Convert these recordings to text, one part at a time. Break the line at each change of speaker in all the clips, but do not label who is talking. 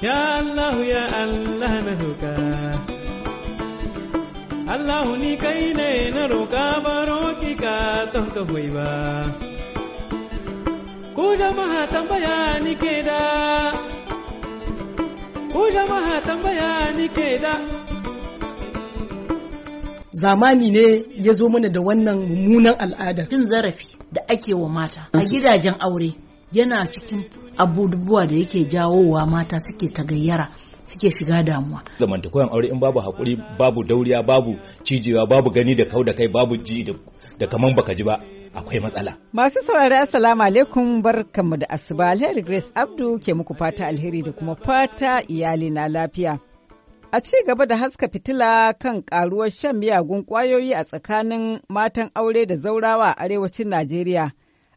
Ya Allah ya Allah na roƙa Allah ni kai ne na roƙa baro ki ka ton ka ba Ku jama'a tambaya ni ke da
Ku jama'a tambaya
ni ke da
Zamani ne ya zo mana da wannan mummunan al'ada. Cin zarafi da ake wa mata a gidajen aure yana cikin abubuwa da yake jawowa mata suke gayyara suke shiga damuwa.
koyon aure in babu haƙuri babu dauriya babu cijewa babu gani da kau da kai babu ji da kaman baka ji ba akwai matsala.
Masu saurari
assalamu alaikum barkamu da asuba alheri Grace Abdu ke muku fata alheri da kuma fata iyali na lafiya. A ci gaba da haska fitila kan karuwar shan miyagun kwayoyi a tsakanin matan aure da zaurawa a arewacin Najeriya.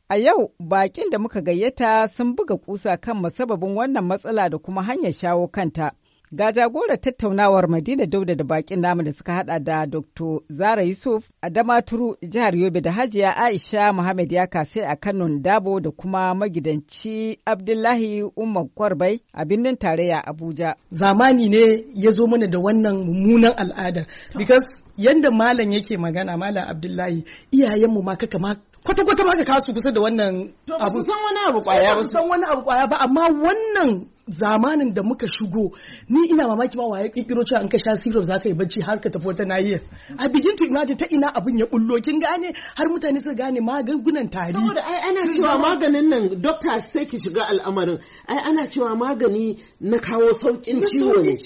A yau bakin da muka gayyata sun buga kusa kan masababin wannan matsala da kuma hanyar shawo kanta. Ga jagorar tattaunawar Madina Dauda da bakin namu da suka hada da Dr. Zara Yusuf a Damaturu jihar Yobe da Hajiya Aisha Muhammad ya kase a Kano Dabo da kuma magidanci Abdullahi Umar Kwarbai a birnin tarayya Abuja. Zamani ne ya zo mana da wannan mummunan al'ada because yanda malam yake magana malam Abdullahi iyayenmu ma kaka ma kwata-kwata ba ka kasu kusa da
wannan abu. san wani abu kwaya ba. Ba su san wani abu kwaya ba amma wannan zamanin da muka shigo ni ina mamaki ma waye kirkiro cewa an ka sha syrup zaka yi bacci har ka tafi wata nahiyar a begin to imagine ta ina abun ya bullo kin gane har mutane su gane magungunan tari saboda ai
ana cewa maganin nan doctor sai ki shiga al'amarin ai ana cewa magani na kawo saukin ciwo ne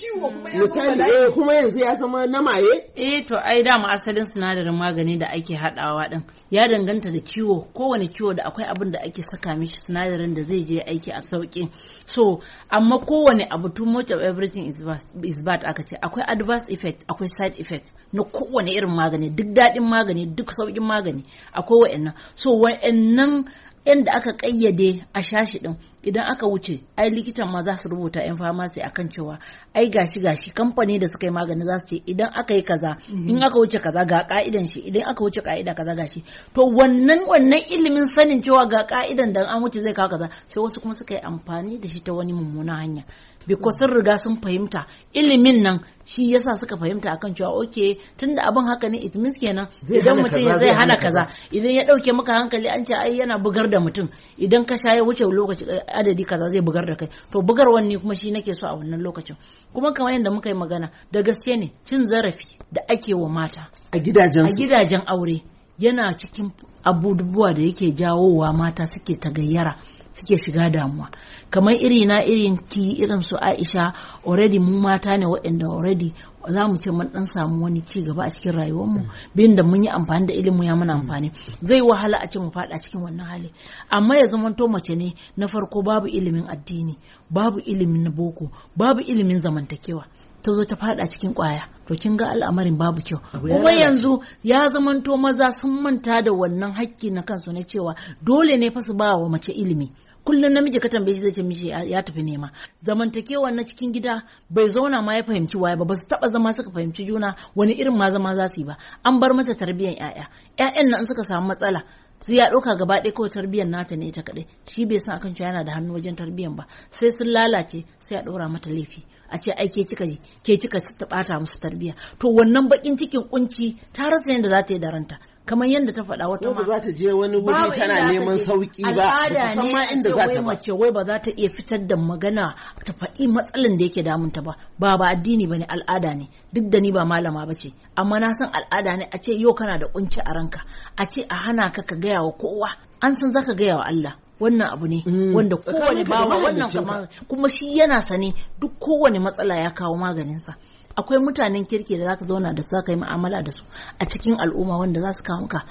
misali eh
kuma yanzu ya zama na maye
eh to ai dama asalin sinadarin magani da ake hadawa din ya danganta da ciwo kowane ciwo da akwai abin da ake saka mishi sinadarin da zai je aiki a sauki so amma kowane abu too much of everything is bad, is aka ce akwai adverse effect akwai side effect na kowane irin magani duk daɗin magani duk sauƙin magani akwai wa'annan so wa'annan yadda aka kayyade a shashi din idan aka wuce ai likitan ma za su rubuta yan famasi akan cewa ai gashi gashi kamfani da suka yi magani za su ce idan aka yi kaza mhm. in aka wuce kaza ga ka'idan shi idan aka wuce ka'ida kaza gashi to wannan wannan ilimin sanin cewa ga ka'idan da an wuce zai kawo kaza sai wasu kuma suka yi amfani da shi ta wani mummuna hanya because sun riga sun fahimta ilimin nan shi yasa suka fahimta akan cewa oke tunda abin haka ne it means kenan idan mutum ya zai hana kaza idan ya dauke maka hankali an ce ai yana bugar da mutum idan ka sha ya wuce lokaci eh, adadi kaza zai bugar da kai to bugar wani kuma shi nake so a wannan lokacin kuma kamar yadda muka yi magana da gaske ne cin zarafi da ake wa mata a gidajen aure yana cikin abubuwa da yake jawowa mata suke ta gayyara suke shiga damuwa kamar iri na irin ki irin su aisha already mu mata ne waɗanda already za mu ce mun dan samu wani ci gaba a cikin rayuwarmu bin da mun yi amfani da ilimin ya muna amfani zai wahala a ce mu faɗa cikin wannan hali amma ya zama to mace ne na farko babu ilimin addini babu ilimin boko babu ilimin zamantakewa ta zo ta fada cikin kwaya to kin ga al'amarin babu kyau kuma yanzu ya zamanto maza sun manta da wannan hakki na kansu na cewa dole ne fa su ba wa mace ilimi kullum namiji ka tambaye shi zai ce mishi ya tafi nema zamantakewa na cikin gida bai zauna ma ya fahimci waye ba ba su taba zama suka fahimci juna wani irin ma zama za su yi ba an bar mata tarbiyyar ƴaƴa ƴaƴan nan suka samu matsala su ya ɗauka gaba ɗaya kawai tarbiyyar nata ne ta kaɗai shi bai san akan cewa yana da hannu wajen tarbiyyar ba sai sun lalace sai a ɗora mata laifi a ce ai ke cika ke cika ta bata musu tarbiya to wannan bakin cikin kunci ta rasa yadda za ta yi da ranta kamar yadda ta faɗa wata ma za ta
je wani wuri tana neman sauki ba al'ada ne ma inda za ta mace
wai ba za ta iya fitar da magana ta faɗi matsalan da yake damunta ba ba ba addini bane al'ada ne duk da ni ba malama ba ce amma na san al'ada ne a ce yau kana da kunci a ranka a ce a hana ka ka gaya wa kowa an san zaka gaya wa Allah wannan abu ne mm. wanda kowane bawa wannan kamar kuma shi yana sane duk kowane matsala ya kawo maganinsa akwai mutanen kirki da zaka zauna da su zaka yi ma'amala da su a cikin al'umma wanda za su kawo maka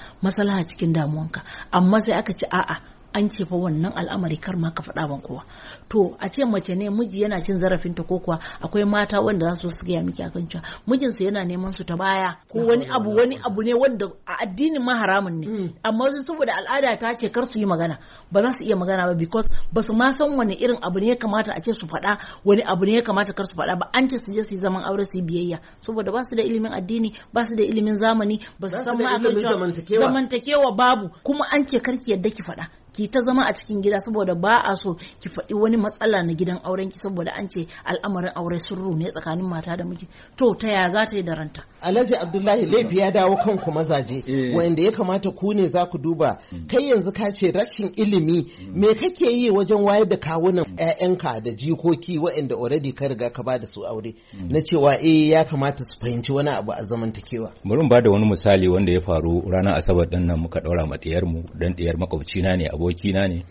a cikin damuwanka amma sai aka ci a'a an ce fa wannan al'amari kar ma ka faɗa ban kowa to a ce mace ne miji yana cin zarafin ta ko kuwa akwai mata wanda za su su gaya miki akan cewa mijin su yana neman su ta baya ko wani abu wani abu ne wanda a addinin ma haramun ne mm. amma saboda al'ada ta ce kar su yi magana ba za su iya magana ba because ba su ma san wani irin abu ne ya kamata a ce su faɗa wani abu ne ya kamata kar su faɗa ba an ce su je su yi zaman aure su yi biyayya saboda ba su da ilimin addini ba su da ilimin zamani ba su san ma akan cewa zamantakewa babu kuma an ce karki yadda ki faɗa ki ta zama a cikin gida saboda ba a so ki faɗi wani matsala na gidan auren ki saboda an ce al'amarin aure sirru ne tsakanin mata da miji to ta ya za ta yi da ranta alhaji abdullahi laifi
ya dawo kanku mazaje eh. wanda ya kamata ku ne za ku duba kai yanzu ka ce rashin ilimi me kake yi wajen wayar da kawunan ƴaƴanka da jikoki waɗanda already ka riga ka ba da su aure na cewa eh ya kamata su fahimci wani abu a zamantakewa
bari mu ba da wani misali wanda ya faru ranar asabar ɗin nan muka ɗaura ma ɗiyar mu dan ɗiyar makwabcina ne abu na ne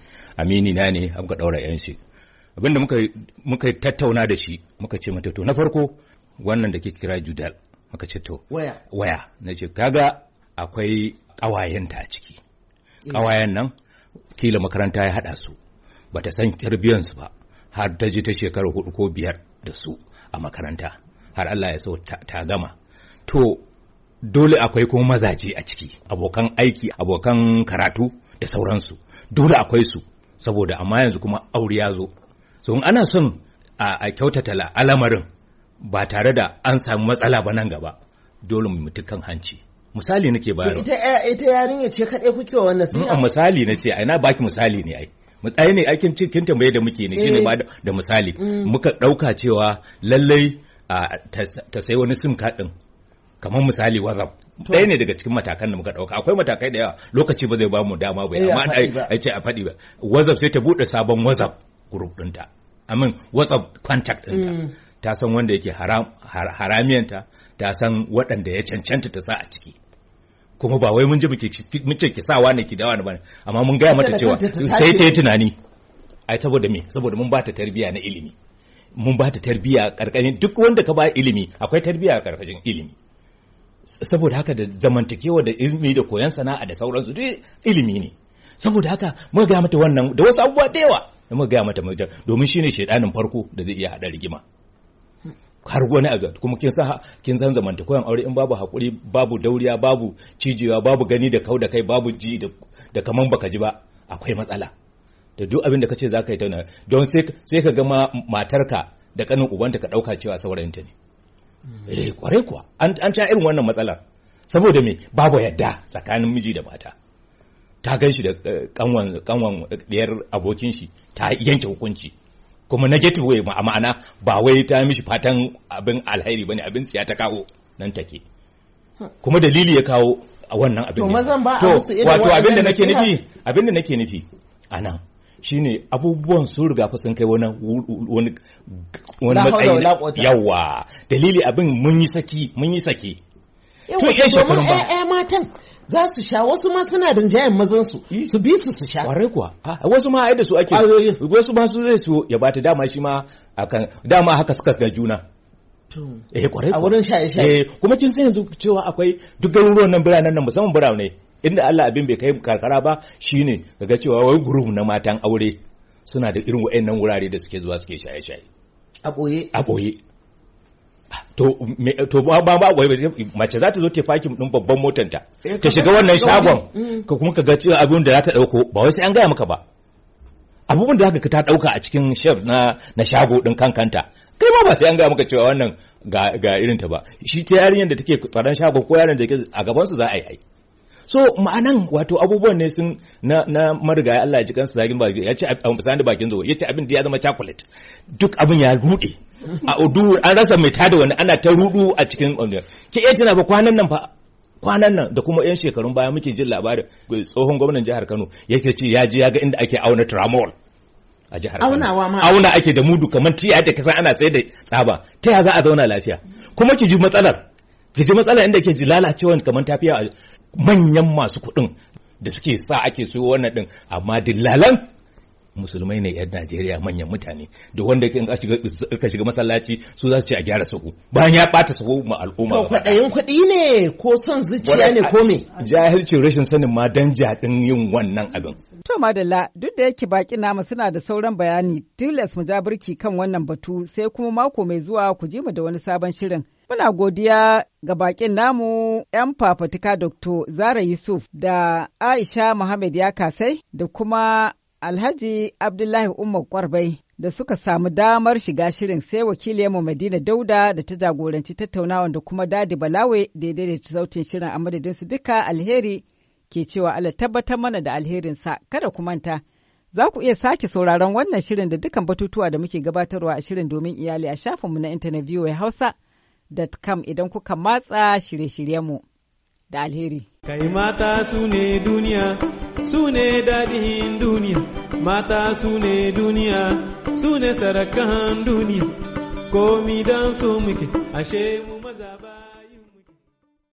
na ne ka ɗaura yan shi abinda muka muka tattauna da shi muka ce mata to na farko wannan da ke kira judal muka ce to waya waya na ce kaga akwai ƙawayenta a ciki ƙawayen nan kila makaranta ya haɗa su bata san su ba har ta ji ta shekaru hudu ko biyar da su a makaranta har Allah ya so ta gama to dole akwai kuma mazaje a ciki abokan aiki abokan karatu da sauransu dole akwai su saboda amma yanzu kuma aure ya zo so in ana son a kyautata al'amarin ba tare da an samu matsala ba nan gaba dole mu kan hanci misali nake bayarwa
ita ita yarinya ce kadai kuke wannan sai
mm, misali nace ai na baki misali ne ai mutsayi ne aikin cikin tambaye da muke ne shine eh. ba da misali mm. muka dauka cewa lallai ta sai wani sim card din kamar misali wazaf ɗaya ne daga cikin matakan da muka ɗauka akwai matakai da yawa lokaci ba zai ba mu dama ba eh, amma a ce a faɗi ba wazaf sai ta buɗe sabon wazaf group ɗinta amin wazaf contact ɗinta mm. ta san wanda yake haramiyanta ta san waɗanda ya cancanta ta sa a ciki kuma ba wai mun ji muke ki sawa ne ki dawa ne bane amma mun gaya mata cewa sai ta yi tunani ai saboda me saboda mun ba ta tarbiyya na ilimi mun ba ta tarbiyya karkashin duk wanda ka ba ilimi akwai tarbiyya a karkashin ilimi saboda haka da zamantakewa da ilimi da koyon sana'a da sauransu duk ilimi ne saboda haka muka gaya mata wannan da wasu abubuwa da yawa da muka gaya mata domin shine shedanin farko da zai iya hada rigima har wani a kuma kin san kin san zamantakewa aure in babu hakuri babu dauriya babu cijewa babu gani da kau da kai babu ji da kaman baka ji ba akwai matsala da duk abin da kace zaka yi tauna don sai ka ga matarka da kanin ubanta ka dauka cewa saurayinta ne eh kwarai kuwa an ci irin wannan matsalar saboda me babu yadda tsakanin miji da mata ta gan shi da kanwan eh, kanwan diyar abokin shi ta yanke hukunci kuma negative way a ma'ana ba wai ta mishi fatan abin alheri bane abin tsiya ta kawo nan take hmm. kuma dalili ya kawo a wannan abin to mazan ba a su irin wato abin da nake nufi abin da nake nufi anan shine abubuwan sun rigafi sun kai wani wani matsayi yawa dalili abin mun yi saki mun yi saki to ya shekarun ba
eh matan za su sha wasu ma suna da jayan mazan su eh. su bi su su sha kwarai kuwa
ah, wasu ma da su ake wasu ma su zai su ya bata dama shi ma akan dama haka suka ga juna eh kwarai a wurin shaye sha eh, kuma kin san yanzu cewa akwai duk garuruwan nan biranen nan musamman birane inda Allah abin bai kai karkara ba shine kaga cewa wai group na matan aure suna da irin wayannan wurare da suke zuwa suke shaye-shaye a boye a boye to to ba ba ba mace za ta zo ta fakin din babban motar ta ta eh, shiga wannan shagon mm. ka kuma kaga cewa abin da za ta dauko ba wai sai an gaya maka ba abubuwan da za ka ta dauka a cikin shef na na shago din kankanta kai ma ba sai an gaya maka cewa wannan ga ga irin ta ba shi ta yarinyar da take tsaron shagon ko yaron da ke a gaban su za a yi so ma'anan wato abubuwan ne sun na na marigaya Allah ya ji kansa zagin ya ce sani bakin zo ya ce abin da ya zama chocolate duk abin ya rude a udu an rasa mai tada wani ana ta rudu a cikin ke iya tuna ba kwanan nan fa kwanan nan da kuma 'yan shekarun baya muke jin labarin tsohon gwamnan jihar Kano yake ce ya ji ya ga inda ake auna tramol a jihar Kano
aunawa ma auna
ake da mudu kamar tiya da kasan ana sai da tsaba ta ya za a zauna lafiya kuma ki ji matsalar Kiji matsala inda ke ji lalacewa kamar tafiya a manyan masu kuɗin da suke sa ake so wannan din amma dillalan musulmai ne yan Najeriya manyan mutane da wanda in ka shiga masallaci su za su ce a gyara sahu bayan ya bata sahu ma al'umma ba
kwaɗayin kuɗi ne ko son
zuciya ne ko me jahilcin rashin sanin ma dan din yin wannan abin
to madalla duk da yake baki namu suna da sauran bayani tilas mu ja birki kan wannan batu sai kuma mako mai zuwa ku je mu da wani sabon shirin Muna godiya ga bakin namu 'yan fafutuka Dr. Zara Yusuf da Aisha Muhammad ya kasai da kuma Alhaji Abdullahi Umar Kwarbai da suka samu damar shiga shirin sai mu Madina Dauda da ta jagoranci tattaunawa da kuma Dadi Balawe daidai da sautin shirin a madadin su duka alheri ke cewa Allah tabbatar mana da alherin sa kada ku manta. Za ku iya sake sauraron wannan shirin da dukan batutuwa da muke gabatarwa a shirin domin iyali a shafinmu na intanet Hausa. com idan kuka matsa shirye shirye mu
da alheri. Kai mata su ne duniya, su ne daɗin duniya, mata su ne duniya, su ne sarakan duniya, komi don su muke, ashe mu maza ba.